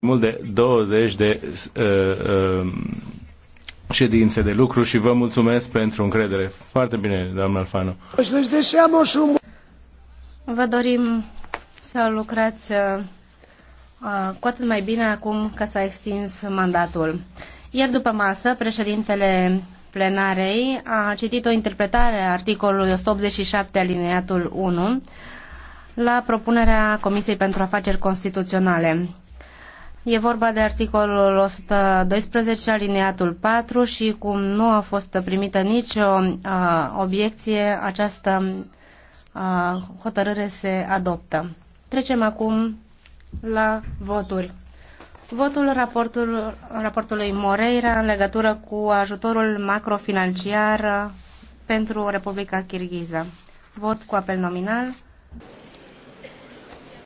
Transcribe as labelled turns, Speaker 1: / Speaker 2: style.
Speaker 1: mult de 20 de uh, uh, ședințe de lucru și vă mulțumesc pentru încredere. Foarte bine, doamna Alfano.
Speaker 2: Vă dorim să lucrați uh, cu atât mai bine acum că s-a extins mandatul. Ieri după masă, președintele plenarei a citit o interpretare a articolului 187 alineatul 1 la propunerea Comisiei pentru Afaceri Constituționale. E vorba de articolul 112, alineatul 4 și cum nu a fost primită nicio uh, obiecție, această uh, hotărâre se adoptă. Trecem acum la voturi. Votul raportul, raportului Moreira în legătură cu ajutorul macrofinanciar pentru Republica Kirghiză. Vot cu apel nominal.